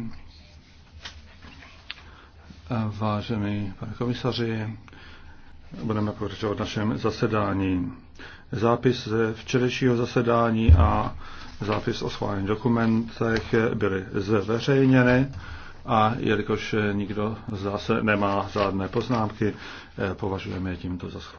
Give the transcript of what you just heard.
Ehm, vážený pane komisaři, budeme pokračovat našem zasedání. Zápis ze včerejšího zasedání a zápis o schválených dokumentech byly zveřejněny a jelikož nikdo zase nemá žádné poznámky, eh, považujeme je tímto za schválené.